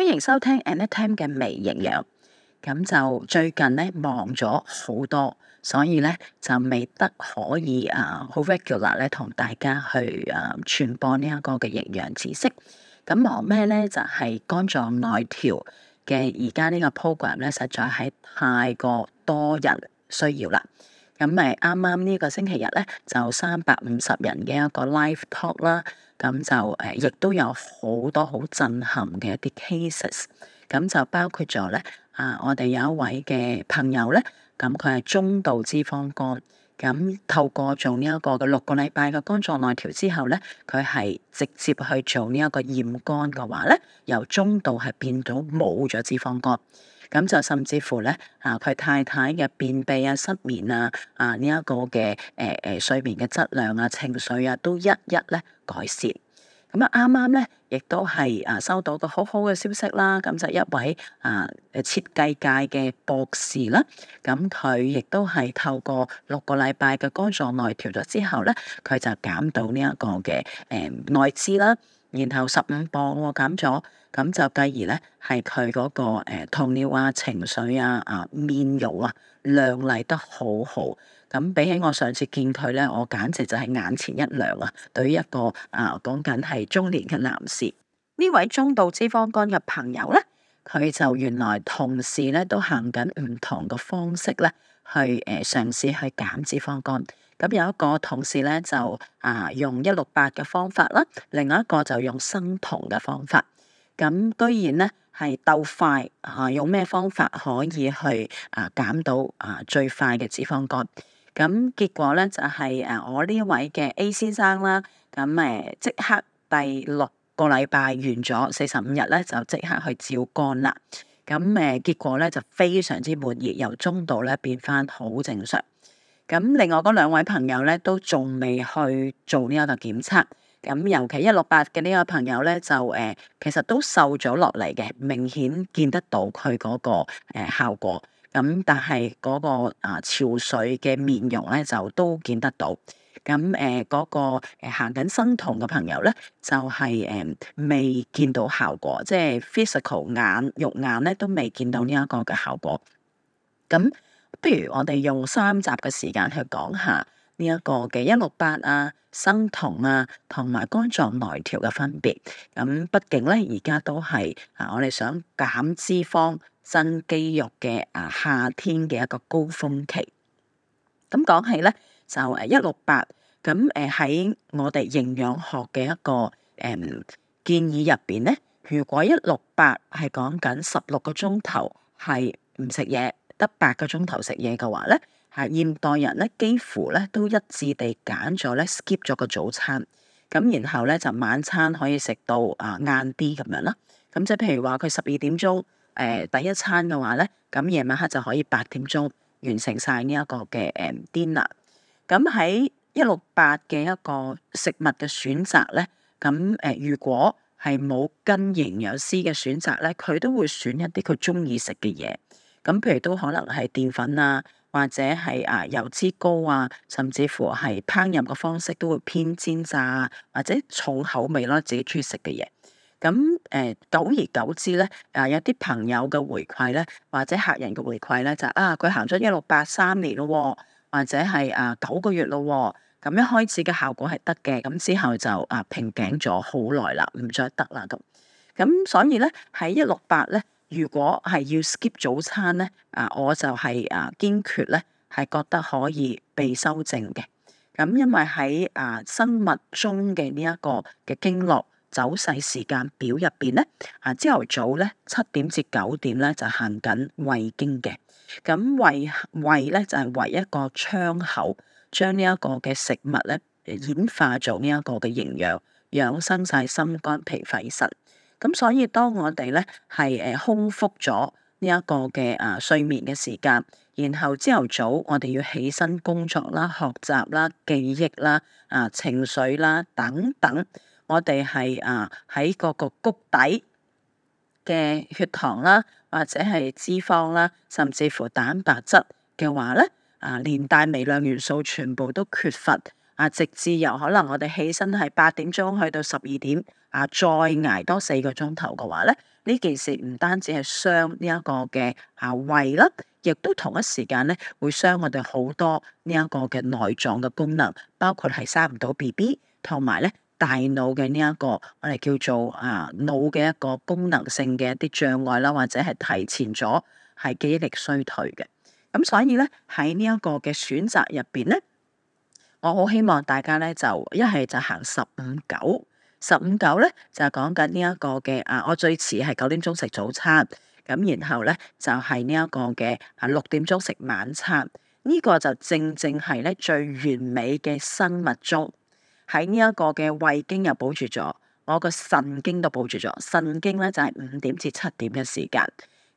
歡迎收聽 Annette Tam 嘅微營養，咁就最近咧忙咗好多，所以咧就未得可以啊好 regular 咧同大家去啊傳播呢一個嘅營養知識。咁忙咩咧？就係肝臟內調嘅而家呢個 program 咧，實在係太過多人需要啦。咁咪啱啱呢個星期日咧，就三百五十人嘅一個 live talk 啦。咁就誒，亦都有好多好震撼嘅一啲 cases，咁就包括咗咧，啊，我哋有一位嘅朋友咧，咁佢係中度脂肪肝，咁透過做呢一個嘅六個禮拜嘅肝臟內調之後咧，佢係直接去做呢一個驗肝嘅話咧，由中度係變到冇咗脂肪肝。咁就甚至乎咧，啊佢太太嘅便秘啊、失眠啊、啊呢一個嘅誒誒睡眠嘅質量啊、情緒啊，都一一咧改善。咁啊啱啱咧，亦都係啊收到個好好嘅消息啦。咁就一位啊設計界嘅博士啦，咁、啊、佢亦都係透過六個禮拜嘅肝臟內調咗之後咧，佢就減到呢一個嘅誒、呃、內脂啦。然後十五磅喎減咗，咁就繼而咧係佢嗰個糖尿啊、情緒啊、啊面容啊亮麗得好好。咁比起我上次見佢咧，我簡直就係眼前一亮啊！對於一個啊講緊係中年嘅男士，呢位中度脂肪肝嘅朋友咧，佢就原來同事咧都行緊唔同嘅方式咧。去誒嘗試去減脂肪肝，咁有一個同事咧就啊用一六八嘅方法啦，另外一個就用生酮嘅方法，咁居然咧係鬥快啊用咩方法可以去啊減到啊最快嘅脂肪肝，咁結果咧就係誒我呢一位嘅 A 先生啦，咁誒即刻第六個禮拜完咗四十五日咧就即刻去照肝啦。咁誒，結果咧就非常之滿意，由中度咧變翻好正常。咁另外嗰兩位朋友咧都仲未去做呢一個檢測。咁尤其一六八嘅呢個朋友咧就誒、呃，其實都瘦咗落嚟嘅，明顯見得到佢嗰個誒效果。咁但係嗰個啊憔悴嘅面容咧就都見得到。咁誒嗰個行緊生酮嘅朋友咧，就係誒未見到效果，即係 physical 眼肉眼咧都未見到呢一個嘅效果。咁不如我哋用三集嘅時間去講下呢一個嘅一六八啊、生酮啊，同埋肝臟內調嘅分別。咁畢竟咧，而家都係啊，我哋想減脂肪、增肌肉嘅啊夏天嘅一個高峰期。咁講起咧。就誒一六八，咁誒喺我哋營養學嘅一個誒、嗯、建議入邊咧，如果一六八係講緊十六個鐘頭係唔食嘢，得八個鐘頭食嘢嘅話咧,係現代人咧幾乎咧都一致地揀咗咧 skip 咗個早餐,咁然後咧就晚餐可以食到啊晏啲咁樣啦。咁即係譬如話佢十二點鐘誒、呃、第一餐嘅話咧,咁夜晚黑就可以八點鐘完成晒呢一個嘅誒 dinner。咁喺一六八嘅一個食物嘅選擇咧，咁誒如果係冇跟營養師嘅選擇咧，佢都會選一啲佢中意食嘅嘢。咁譬如都可能係澱粉啊，或者係啊油脂高啊，甚至乎係烹飪嘅方式都會偏煎炸、啊、或者重口味咯，自己中意食嘅嘢。咁誒久而久之咧，啊有啲朋友嘅回饋咧，或者客人嘅回饋咧，就是、啊佢行咗一六八三年咯、哦。或者係啊九個月咯、哦，咁一開始嘅效果係得嘅，咁之後就啊瓶頸咗好耐啦，唔再得啦咁。咁所以咧喺一六八咧，如果係要 skip 早餐咧，啊我就係啊堅決咧係覺得可以被修正嘅。咁因為喺啊生物鐘嘅呢一個嘅經絡走勢時間表入邊咧，啊朝頭早咧七點至九點咧就行緊胃經嘅。咁胃胃咧就係為一個窗口，將呢一個嘅食物咧演化做呢一個嘅營養，養生晒心肝脾肺腎。咁所以當我哋咧係誒空腹咗呢一個嘅啊睡眠嘅時間，然後朝頭早我哋要起身工作啦、學習啦、記憶啦、啊情緒啦等等，我哋係啊喺嗰個谷底。嘅血糖啦，或者係脂肪啦，甚至乎蛋白質嘅話咧，啊連帶微量元素全部都缺乏啊，直至由可能我哋起身係八點鐘去到十二點啊，再挨多四個鐘頭嘅話咧，呢件事唔單止係傷呢一個嘅啊胃啦，亦都同一時間咧會傷我哋好多呢一個嘅內臟嘅功能，包括係生唔到 BB，同埋咧。大腦嘅呢一個我哋叫做啊腦嘅一個功能性嘅一啲障礙啦，或者係提前咗係記憶力衰退嘅。咁所以咧喺呢一個嘅選擇入邊咧，我好希望大家咧就一係就行十五九，十五九咧就講緊呢一個嘅啊，我最遲係九點鐘食早餐，咁然後咧就係呢一個嘅啊六點鐘食晚餐，呢個就正正係咧最完美嘅生物鐘。喺呢一個嘅胃經又保住咗，我個腎經都保住咗。腎經咧就係、是、五點至七點嘅時間，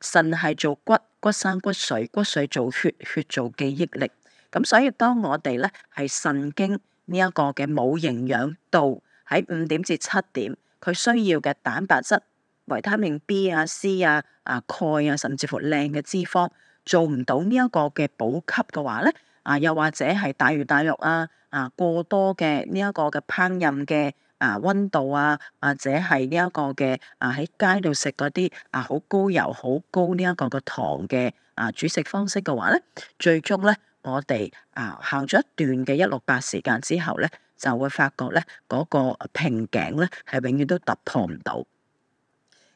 腎係做骨骨生骨髓，骨髓，骨髓做血血做記憶力。咁所以當我哋咧係腎經呢一個嘅冇營養度喺五點至七點，佢需要嘅蛋白質、維他命 B 啊、C 啊、啊鈣啊，甚至乎靚嘅脂肪，做唔到呢一個嘅補給嘅話咧。啊，又或者係大魚大肉啊，啊過多嘅呢一個嘅烹飪嘅啊溫度啊，或者係呢一個嘅啊喺街度食嗰啲啊好高油、好高呢一個嘅糖嘅啊煮食方式嘅話咧，最終咧我哋啊行咗一段嘅一六八時間之後咧，就會發覺咧嗰個瓶頸咧係永遠都突破唔到。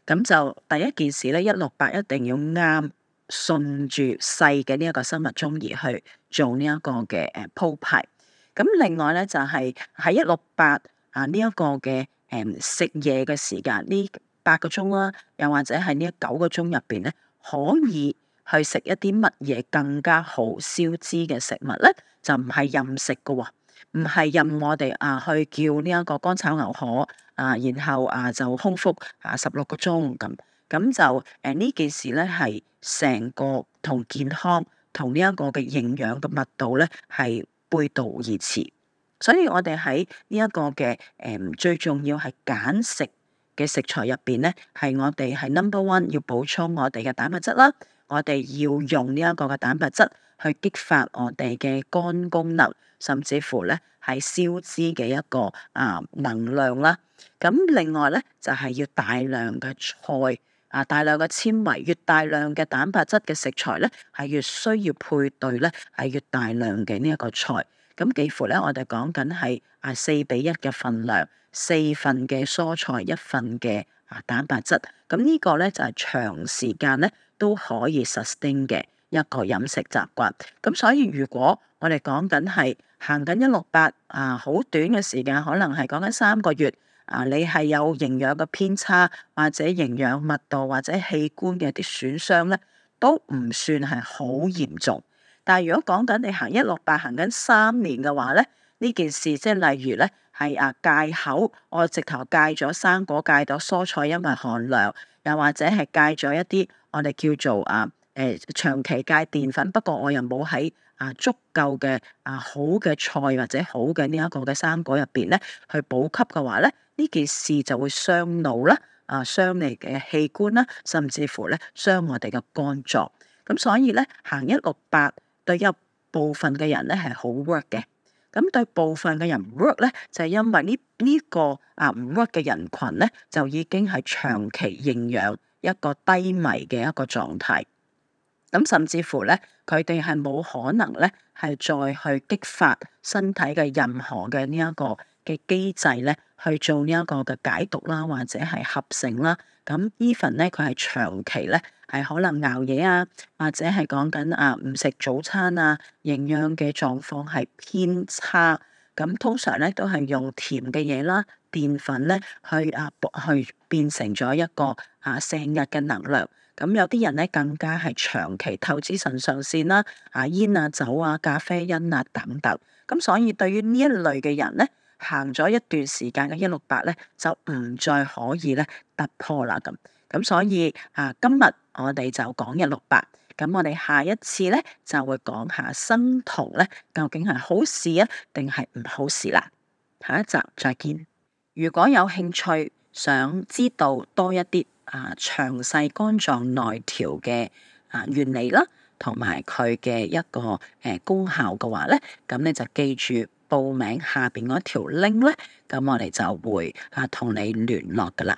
咁就第一件事咧，一六八一定要啱。順住細嘅呢一個生物鐘而去做呢一個嘅誒鋪排。咁另外咧就係喺一六八啊呢一個嘅誒食嘢嘅時間呢八個鐘啦，又或者係呢一九個鐘入邊咧，可以去食一啲乜嘢更加好消脂嘅食物咧，就唔係任食㗎喎，唔係任我哋啊去叫呢一個乾炒牛河啊，然後啊就空腹啊十六個鐘咁。咁就誒呢、呃、件事咧，係成個同健康同呢一個嘅營養嘅密度咧，係背道而馳。所以我哋喺呢一個嘅誒、呃、最重要係揀食嘅食材入邊咧，係我哋係 number one 要補充我哋嘅蛋白質啦。我哋要用呢一個嘅蛋白質去激發我哋嘅肝功能，甚至乎咧係消脂嘅一個啊、呃、能量啦。咁另外咧就係、是、要大量嘅菜。啊，大量嘅纖維，越大量嘅蛋白質嘅食材咧，係越需要配對咧，係越大量嘅呢一個菜。咁幾乎咧，我哋講緊係啊四比一嘅份量，四份嘅蔬菜，一份嘅啊蛋白質。咁呢個咧就係長時間咧都可以實踐嘅一個飲食習慣。咁所以如果我哋講緊係行緊一六八啊，好短嘅時間，可能係講緊三個月。啊，你係有營養嘅偏差，或者營養密度，或者器官嘅啲損傷咧，都唔算係好嚴重。但係如果講緊你行一六八行緊三年嘅話咧，呢件事即係例如咧係啊戒口，我直頭戒咗生果，戒咗蔬菜，因為寒涼，又或者係戒咗一啲我哋叫做啊誒、呃、長期戒澱粉，不過我又冇喺。啊，足夠嘅啊，好嘅菜或者好嘅呢一個嘅生果入邊咧，去補給嘅話咧，呢件事就會傷腦啦，啊傷你嘅器官啦，甚至乎咧傷我哋嘅肝臟。咁所以咧行一六八對一部分嘅人咧係好 work 嘅，咁對部分嘅人唔 work 咧，就係因為呢呢個啊唔 work 嘅人群咧，就已經係長期營養一個低迷嘅一個狀態。咁甚至乎咧，佢哋係冇可能咧，係再去激發身體嘅任何嘅呢一個嘅機制咧，去做呢一個嘅解毒啦，或者係合成啦。咁 even 咧，佢係長期咧，係可能熬夜啊，或者係講緊啊唔食早餐啊，營養嘅狀況係偏差。咁通常咧都係用甜嘅嘢啦、澱粉咧去啊，去變成咗一個啊成日嘅能量。咁有啲人咧更加係長期透支腎上腺啦，啊煙啊酒啊咖啡因啊等等，咁所以對於呢一類嘅人咧，行咗一段時間嘅一六八咧，就唔再可以咧突破啦咁。咁所以啊，今日我哋就講一六八，咁我哋下一次咧就會講下生酮咧究竟係好事啊定係唔好事啦，啊。下一集再見。如果有興趣想知道多一啲。啊！詳細肝臟內調嘅啊，啊原理啦，同埋佢嘅一個誒功效嘅話咧，咁你就記住報名下邊嗰條 link 咧，咁我哋就會啊同你聯絡㗎喇。